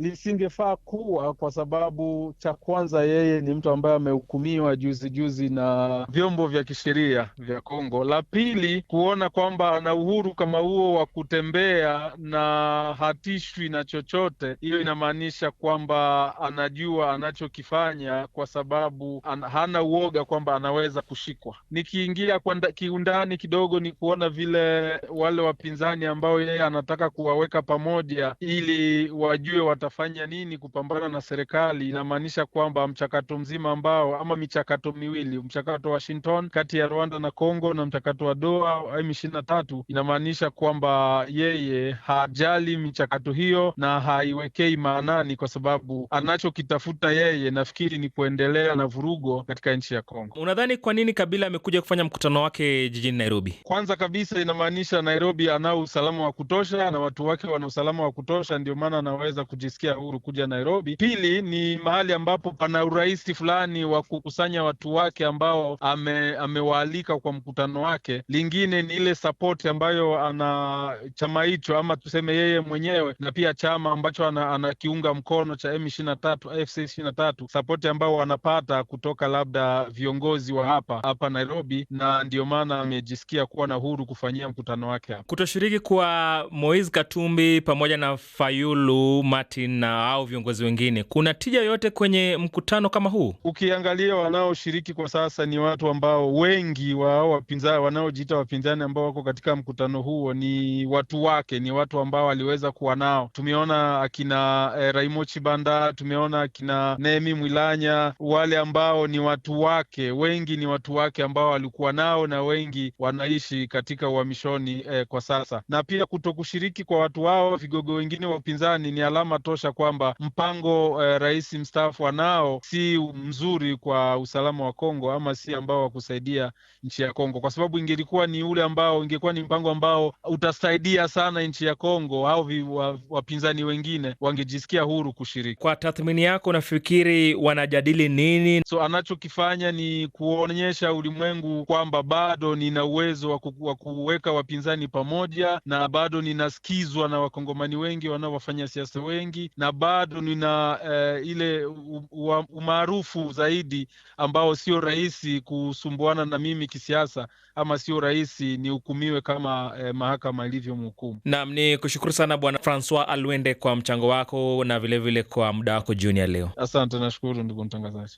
lisingefaa kuwa, kwa sababu cha kwanza, yeye ni mtu ambaye amehukumiwa juzi juzi na vyombo vya kisheria vya Kongo. La pili, kuona kwamba ana uhuru kama huo wa kutembea na hatishwi na chochote, hiyo inamaanisha kwamba anajua anachokifanya, kwa sababu an, hana uoga kwamba anaweza kushikwa. Nikiingia kwa kiundani kidogo, ni kuona vile wale wapinzani ambao yeye anataka kuwaweka pamoja ili wajue wata utafanya nini kupambana na serikali, inamaanisha kwamba mchakato mzima ambao ama michakato miwili, mchakato wa Washington kati ya Rwanda na Kongo na mchakato wa Doha M23, inamaanisha kwamba yeye hajali michakato hiyo na haiwekei maanani, kwa sababu anachokitafuta yeye nafikiri ni kuendelea na vurugo katika nchi ya Kongo. Unadhani kwa nini Kabila amekuja kufanya mkutano wake jijini Nairobi? Kwanza kabisa inamaanisha Nairobi anao usalama wa kutosha na watu wake wana usalama wa kutosha, ndio maana anaweza kujisikia wanajisikia huru kuja Nairobi. Pili ni mahali ambapo pana urahisi fulani wa kukusanya watu wake ambao ame, amewaalika kwa mkutano wake. Lingine ni ile sapoti ambayo ana chama hicho ama tuseme yeye mwenyewe na pia chama ambacho anakiunga ana mkono cha M 23 AFC sapoti ambao wanapata kutoka labda viongozi wa hapa hapa Nairobi, na ndio maana amejisikia kuwa na huru kufanyia mkutano wake hapa. Kutoshiriki kwa Moise Katumbi pamoja na Fayulu Mati Martin na au viongozi wengine, kuna tija yoyote kwenye mkutano kama huu? Ukiangalia wanaoshiriki kwa sasa ni watu ambao wengi wao wapinzani, wanaojiita wapinzani ambao wako katika mkutano huo ni watu wake, ni watu ambao waliweza kuwa nao. Tumeona akina eh, Raimo Chibanda, tumeona akina nemi Mwilanya, wale ambao ni watu wake, wengi ni watu wake ambao walikuwa nao na wengi wanaishi katika uhamishoni eh, kwa sasa. Na pia kutokushiriki kwa watu wao vigogo wengine wa upinzani ni alama tosha kwamba mpango eh, rais mstaafu anao si mzuri kwa usalama wa Kongo ama si ambao wa kusaidia nchi ya Kongo, kwa sababu ingelikuwa ni ule ambao ingekuwa ni mpango ambao utasaidia sana nchi ya Kongo au wapinzani wa wengine wangejisikia huru kushiriki. Kwa tathmini yako, nafikiri wanajadili nini? So anachokifanya ni kuonyesha ulimwengu kwamba bado nina uwezo wa kuweka wapinzani pamoja na bado ninasikizwa na wakongomani wengi wanaowafanya siasa wengi mengi na bado nina eh, ile umaarufu zaidi ambao sio rahisi kusumbuana na mimi kisiasa, ama sio rahisi nihukumiwe kama eh, mahakama ilivyomhukumu. nam ni kushukuru sana Bwana Francois Alwende kwa mchango wako na vilevile vile kwa muda wako jioni ya leo. Asante, nashukuru ndugu mtangazaji.